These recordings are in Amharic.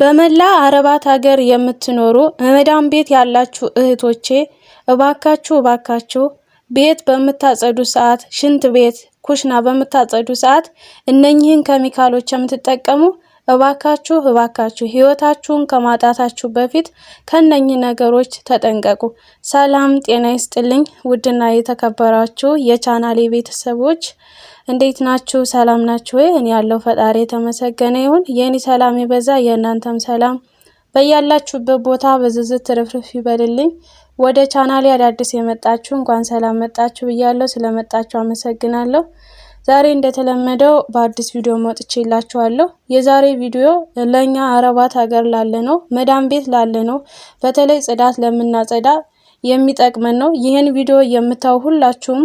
በመላ አረባት ሀገር የምትኖሩ መዳም ቤት ያላችሁ እህቶቼ እባካችሁ እባካችሁ ቤት በምታጸዱ ሰዓት፣ ሽንት ቤት፣ ኩሽና በምታጸዱ ሰዓት እነኚህን ኬሚካሎች የምትጠቀሙ እባካችሁ እባካችሁ ህይወታችሁን ከማጣታችሁ በፊት ከነኚህ ነገሮች ተጠንቀቁ። ሰላም ጤና ይስጥልኝ። ውድና የተከበራችሁ የቻናሌ ቤተሰቦች እንዴት ናችሁ? ሰላም ናችሁ ወይ? እኔ ያለው ፈጣሪ የተመሰገነ ይሁን። የኔ ሰላም ይበዛ፣ የእናንተም ሰላም በያላችሁበት ቦታ በዝዝት ትርፍርፍ ይበልልኝ። ወደ ቻናሌ አዳዲስ የመጣችሁ እንኳን ሰላም መጣችሁ ብያለሁ። ስለመጣችሁ አመሰግናለሁ። ዛሬ እንደተለመደው በአዲስ ቪዲዮ መጥቼላችኋለሁ። የዛሬ ቪዲዮ ለእኛ አረባት ሀገር ላለ ነው፣ መዳም ቤት ላለ ነው፣ በተለይ ጽዳት ለምናጸዳ የሚጠቅመን ነው። ይህን ቪዲዮ የምታው ሁላችሁም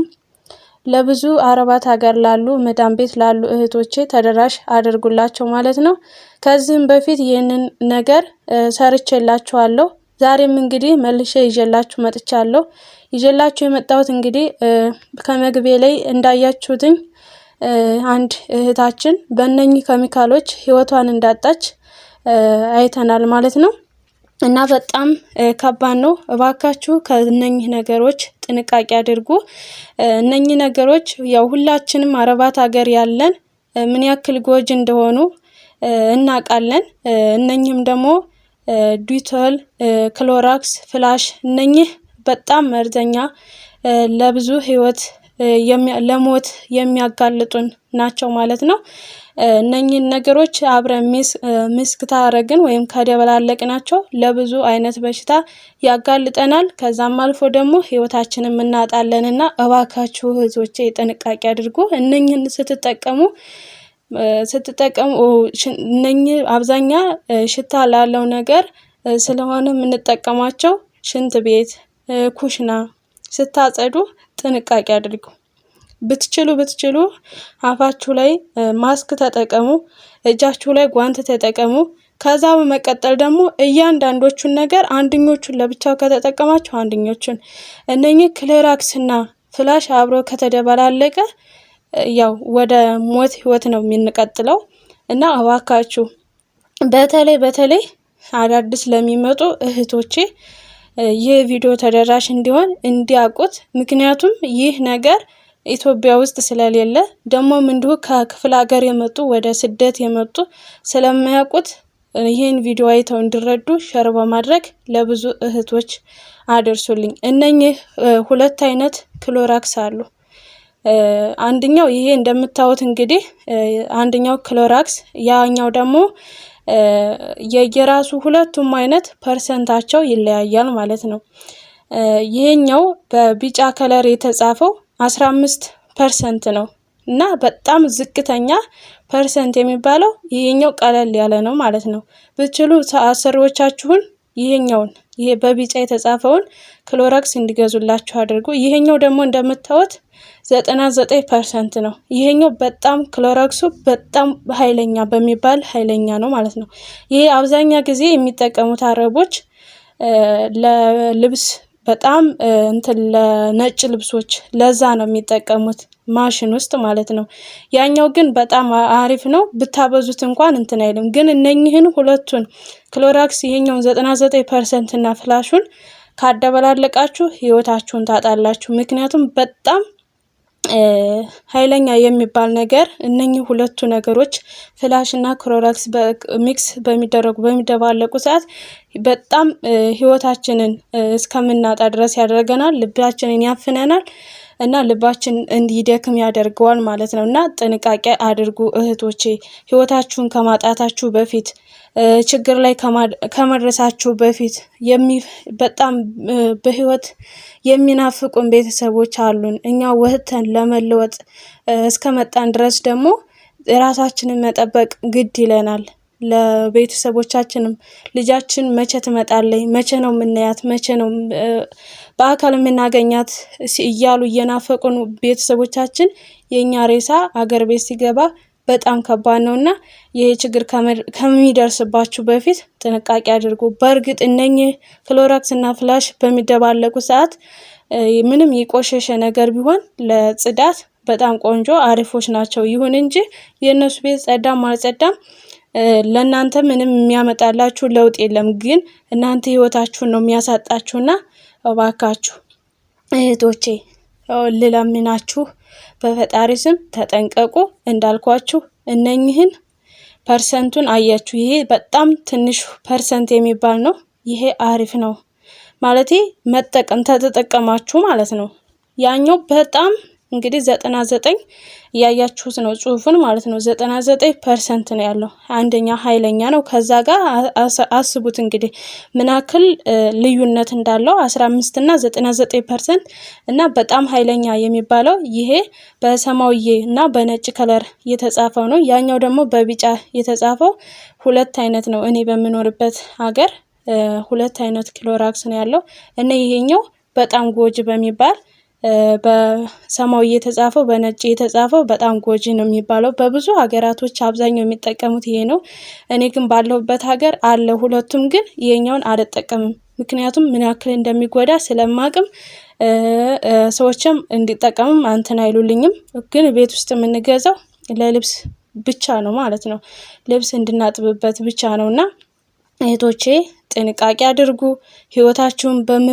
ለብዙ አረባት ሀገር ላሉ መዳም ቤት ላሉ እህቶቼ ተደራሽ አድርጉላቸው ማለት ነው። ከዚህም በፊት ይህንን ነገር ሰርቼላችኋለሁ። ዛሬም እንግዲህ መልሼ ይዤላችሁ መጥቻለሁ። ይዤላችሁ የመጣሁት እንግዲህ ከመግቤ ላይ እንዳያችሁትኝ አንድ እህታችን በእነኚህ ኬሚካሎች ህይወቷን እንዳጣች አይተናል ማለት ነው። እና በጣም ከባድ ነው። እባካችሁ ከእነኚህ ነገሮች ጥንቃቄ አድርጉ። እነኚህ ነገሮች ያው ሁላችንም አረባት ሀገር ያለን ምን ያክል ጎጅ እንደሆኑ እናውቃለን። እነኚህም ደግሞ ዲቶል፣ ክሎራክስ፣ ፍላሽ እነኚህ በጣም መርዘኛ ለብዙ ህይወት ለሞት የሚያጋልጡን ናቸው ማለት ነው። እነኚህን ነገሮች አብረን ሚስክ ታረግን ወይም ከደበላለቅ ናቸው ለብዙ አይነት በሽታ ያጋልጠናል። ከዛም አልፎ ደግሞ ህይወታችንን እናጣለንና እባካችሁ እህቶቼ ጥንቃቄ አድርጉ። እነኚህን ስትጠቀሙ ስትጠቀሙ እነኚህ አብዛኛ ሽታ ላለው ነገር ስለሆነ የምንጠቀማቸው ሽንት ቤት፣ ኩሽና ስታጸዱ ጥንቃቄ አድርጉ። ብትችሉ ብትችሉ አፋችሁ ላይ ማስክ ተጠቀሙ፣ እጃችሁ ላይ ጓንት ተጠቀሙ። ከዛ በመቀጠል ደግሞ እያንዳንዶቹን ነገር አንድኞቹን ለብቻው ከተጠቀማችሁ አንድኞቹን እነኚህ ክሌራክስና ፍላሽ አብሮ ከተደበላለቀ ያው ወደ ሞት ህይወት ነው የምንቀጥለው እና እባካችሁ በተለይ በተለይ አዳዲስ ለሚመጡ እህቶቼ ይህ ቪዲዮ ተደራሽ እንዲሆን እንዲያውቁት። ምክንያቱም ይህ ነገር ኢትዮጵያ ውስጥ ስለሌለ ደግሞም እንዲሁ ከክፍለ ሀገር የመጡ ወደ ስደት የመጡ ስለማያውቁት ይህን ቪዲዮ አይተው እንዲረዱ ሸር በማድረግ ለብዙ እህቶች አደርሱልኝ። እነኚህ ሁለት አይነት ክሎራክስ አሉ። አንደኛው ይሄ እንደምታዩት እንግዲህ አንደኛው ክሎራክስ፣ ያኛው ደግሞ የየራሱ ሁለቱም አይነት ፐርሰንታቸው ይለያያል ማለት ነው። ይሄኛው በቢጫ ከለር የተጻፈው 15 ፐርሰንት ነው እና በጣም ዝቅተኛ ፐርሰንት የሚባለው ይሄኛው ቀለል ያለ ነው ማለት ነው። ብችሉ አሰሪዎቻችሁን ይሄኛውን ይሄ በቢጫ የተጻፈውን ክሎረክስ እንዲገዙላችሁ አድርጉ። ይሄኛው ደግሞ እንደምታዩት ዘጠና ዘጠኝ ፐርሰንት ነው። ይሄኛው በጣም ክሎረክሱ በጣም ኃይለኛ በሚባል ኃይለኛ ነው ማለት ነው። ይሄ አብዛኛ ጊዜ የሚጠቀሙት አረቦች ለልብስ በጣም እንትን ለነጭ ልብሶች ለዛ ነው የሚጠቀሙት ማሽን ውስጥ ማለት ነው። ያኛው ግን በጣም አሪፍ ነው ብታበዙት እንኳን እንትን አይልም። ግን እነኝህን ሁለቱን ክሎራክስ ይሄኛውን ዘጠና ዘጠኝ ፐርሰንት እና ፍላሹን ካደበላለቃችሁ ህይወታችሁን ታጣላችሁ። ምክንያቱም በጣም ኃይለኛ የሚባል ነገር እነኚህ ሁለቱ ነገሮች ፍላሽ እና ክሮራክስ ሚክስ በሚደረጉ በሚደባለቁ ሰዓት በጣም ህይወታችንን እስከምናጣ ድረስ ያደርገናል። ልባችንን ያፍነናል። እና ልባችን እንዲደክም ያደርገዋል ማለት ነው። እና ጥንቃቄ አድርጉ እህቶቼ፣ ህይወታችሁን ከማጣታችሁ በፊት ችግር ላይ ከመድረሳችሁ በፊት በጣም በህይወት የሚናፍቁን ቤተሰቦች አሉን። እኛ ወጥተን ለመለወጥ እስከመጣን ድረስ ደግሞ ራሳችንን መጠበቅ ግድ ይለናል። ለቤተሰቦቻችንም ልጃችን መቼ ትመጣለች? መቼ ነው የምናያት? መቼ ነው በአካል የምናገኛት? እያሉ እየናፈቁን ቤተሰቦቻችን የእኛ ሬሳ አገር ቤት ሲገባ በጣም ከባድ ነው እና ይህ ችግር ከሚደርስባችሁ በፊት ጥንቃቄ አድርጉ። በእርግጥ እነኚህ ክሎራክስ እና ፍላሽ በሚደባለቁ ሰዓት ምንም የቆሸሸ ነገር ቢሆን ለጽዳት በጣም ቆንጆ አሪፎች ናቸው። ይሁን እንጂ የእነሱ ቤት ጸዳም አልጸዳም ለእናንተ ምንም የሚያመጣላችሁ ለውጥ የለም፣ ግን እናንተ ህይወታችሁን ነው የሚያሳጣችሁና እባካችሁ እህቶቼ ልለምናችሁ በፈጣሪ ስም ተጠንቀቁ። እንዳልኳችሁ እነኝህን ፐርሰንቱን አያችሁ። ይሄ በጣም ትንሽ ፐርሰንት የሚባል ነው። ይሄ አሪፍ ነው ማለት መጠቀም ተተጠቀማችሁ ማለት ነው። ያኛው በጣም እንግዲህ ዘጠና ዘጠኝ እያያችሁት ነው ጽሁፉን ማለት ነው። ዘጠና ዘጠኝ ፐርሰንት ነው ያለው። አንደኛ ኃይለኛ ነው። ከዛ ጋር አስቡት እንግዲህ ምን ልዩነት እንዳለው አስራ አምስት እና ዘጠና ዘጠኝ ፐርሰንት እና በጣም ኃይለኛ የሚባለው ይሄ በሰማያዊ እና በነጭ ከለር የተጻፈው ነው። ያኛው ደግሞ በቢጫ የተጻፈው ሁለት አይነት ነው። እኔ በምኖርበት ሀገር ሁለት አይነት ክሎራክስ ነው ያለው እና ይሄኛው በጣም ጎጅ በሚባል በሰማያዊ የተጻፈው በነጭ የተጻፈው በጣም ጎጂ ነው የሚባለው። በብዙ ሀገራቶች አብዛኛው የሚጠቀሙት ይሄ ነው። እኔ ግን ባለሁበት ሀገር አለ። ሁለቱም ግን ይሄኛውን አልጠቀምም፣ ምክንያቱም ምን ያክል እንደሚጎዳ ስለማቅም ሰዎችም እንዲጠቀምም አንትን አይሉልኝም። ግን ቤት ውስጥ የምንገዛው ለልብስ ብቻ ነው ማለት ነው። ልብስ እንድናጥብበት ብቻ ነው እና እህቶቼ ጥንቃቄ አድርጉ ህይወታችሁን በም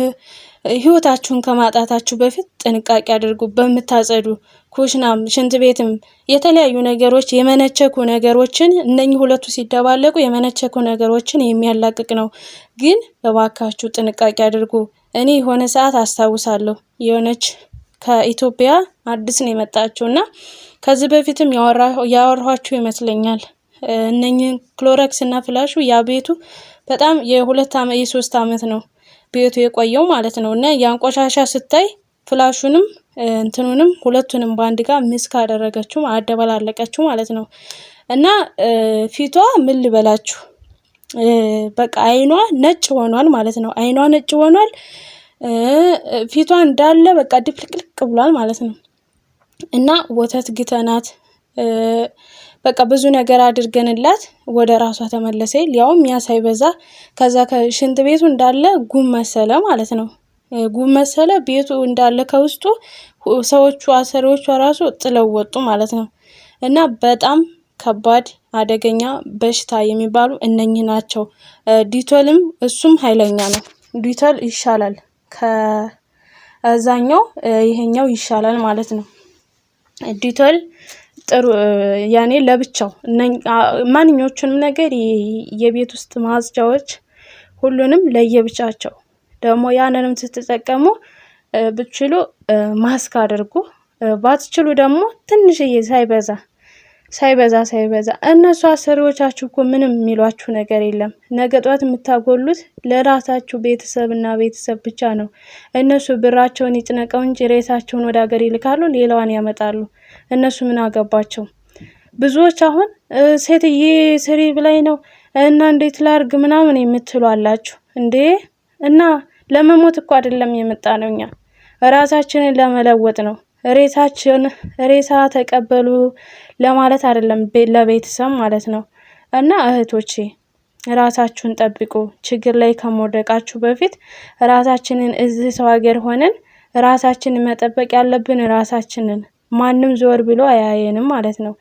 ህይወታችሁን ከማጣታችሁ በፊት ጥንቃቄ አድርጉ። በምታጸዱ ኩሽናም፣ ሽንት ቤትም የተለያዩ ነገሮች የመነቸኩ ነገሮችን እነኚህ ሁለቱ ሲደባለቁ የመነቸኩ ነገሮችን የሚያላቅቅ ነው። ግን እባካችሁ ጥንቃቄ አድርጉ። እኔ የሆነ ሰዓት አስታውሳለሁ የሆነች ከኢትዮጵያ አዲስ ነው የመጣችው እና ከዚህ በፊትም ያወራኋችሁ ይመስለኛል። እነኝህን ክሎረክስ እና ፍላሹ ያ ቤቱ በጣም የሁለት የሶስት ዓመት ነው ቤቱ የቆየው ማለት ነው። እና ያን ቆሻሻ ስታይ ፍላሹንም እንትኑንም ሁለቱንም በአንድ ጋር ሚስ ካደረገችው አደበላለቀችው ማለት ነው። እና ፊቷ ምን ልበላችሁ በቃ አይኗ ነጭ ሆኗል ማለት ነው። አይኗ ነጭ ሆኗል። ፊቷ እንዳለ በቃ ድፍልቅልቅ ብሏል ማለት ነው። እና ወተት ግተናት በቃ ብዙ ነገር አድርገንላት ወደ ራሷ ተመለሰ። ሊያውም ያ ሳይበዛ ከዛ ከሽንት ቤቱ እንዳለ ጉም መሰለ ማለት ነው። ጉም መሰለ ቤቱ እንዳለ ከውስጡ ሰዎቹ አሰሪዎቿ ራሱ ጥለው ወጡ ማለት ነው። እና በጣም ከባድ አደገኛ በሽታ የሚባሉ እነኚህ ናቸው። ዲቶልም እሱም ኃይለኛ ነው። ዲቶል ይሻላል ከዛኛው ይሄኛው ይሻላል ማለት ነው ዲቶል ጥሩ ያኔ ለብቻው ማንኞቹንም ነገር የቤት ውስጥ ማጽጃዎች ሁሉንም ለየብቻቸው ደግሞ ያንንም ስትጠቀሙ ብችሉ ማስክ አድርጉ፣ ባትችሉ ደግሞ ትንሽዬ ሳይበዛ ሳይበዛ ሳይበዛ እነሱ አሰሪዎቻችሁ እኮ ምንም የሚሏችሁ ነገር የለም። ነገ ጧት የምታጎሉት ለራሳችሁ ቤተሰብና ቤተሰብ ብቻ ነው። እነሱ ብራቸውን ይጭነቀው እንጂ ሬሳቸውን ወደ ሀገር ይልካሉ፣ ሌላዋን ያመጣሉ። እነሱ ምን አገባቸው? ብዙዎች አሁን ሴትዬ ስሪ ብላይ ነው እና እንዴት ላርግ ምናምን የምትሉ አላችሁ እንዴ። እና ለመሞት እኮ አይደለም የመጣ ነው እኛ ራሳችንን ለመለወጥ ነው። ሬሳችን ሬሳ ተቀበሉ ለማለት አይደለም ለቤተሰብ ማለት ነው። እና እህቶቼ ራሳችሁን ጠብቁ። ችግር ላይ ከመውደቃችሁ በፊት ራሳችንን እዚህ ሰው ሀገር ሆነን ራሳችንን መጠበቅ ያለብን ራሳችንን ማንም ዞር ብሎ አያየንም ማለት ነው።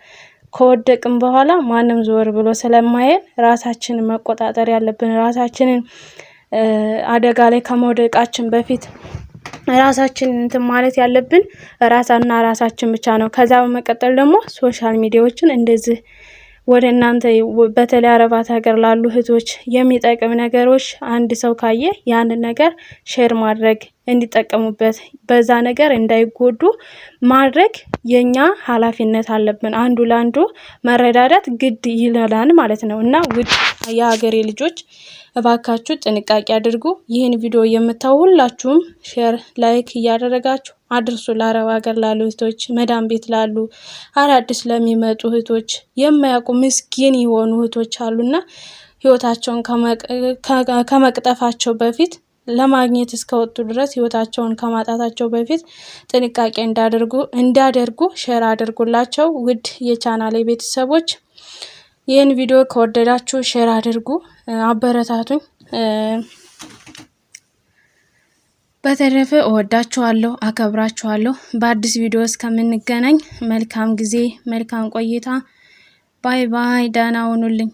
ከወደቅም በኋላ ማንም ዞር ብሎ ስለማየን ራሳችንን መቆጣጠር ያለብን ራሳችንን አደጋ ላይ ከመውደቃችን በፊት ራሳችን እንትን ማለት ያለብን ራሳና ራሳችን ብቻ ነው። ከዛ በመቀጠል ደግሞ ሶሻል ሚዲያዎችን እንደዚህ ወደ እናንተ በተለይ አረባት ሀገር ላሉ እህቶች የሚጠቅም ነገሮች አንድ ሰው ካየ ያንን ነገር ሼር ማድረግ እንዲጠቀሙበት በዛ ነገር እንዳይጎዱ ማድረግ የኛ ኃላፊነት አለብን። አንዱ ለአንዱ መረዳዳት ግድ ይለናል ማለት ነው እና ውድ የሀገሬ ልጆች እባካችሁ ጥንቃቄ አድርጉ። ይህን ቪዲዮ የምታው ሁላችሁም ሼር፣ ላይክ እያደረጋችሁ አድርሱ። ለአረብ ሀገር ላሉ እህቶች፣ መዳም ቤት ላሉ አዳዲስ ለሚመጡ እህቶች፣ የማያውቁ ምስኪን የሆኑ እህቶች አሉና ህይወታቸውን ከመቅጠፋቸው በፊት ለማግኘት እስከወጡ ድረስ ህይወታቸውን ከማጣታቸው በፊት ጥንቃቄ እንዳደርጉ እንዲያደርጉ ሼር አድርጉላቸው። ውድ የቻናሌ ቤተሰቦች ይህን ቪዲዮ ከወደዳችሁ ሼር አድርጉ፣ አበረታቱኝ። በተረፈ እወዳችኋለሁ፣ አከብራችኋለሁ። በአዲስ ቪዲዮ እስከምንገናኝ መልካም ጊዜ፣ መልካም ቆይታ። ባይ ባይ። ደህና ሁኑልኝ።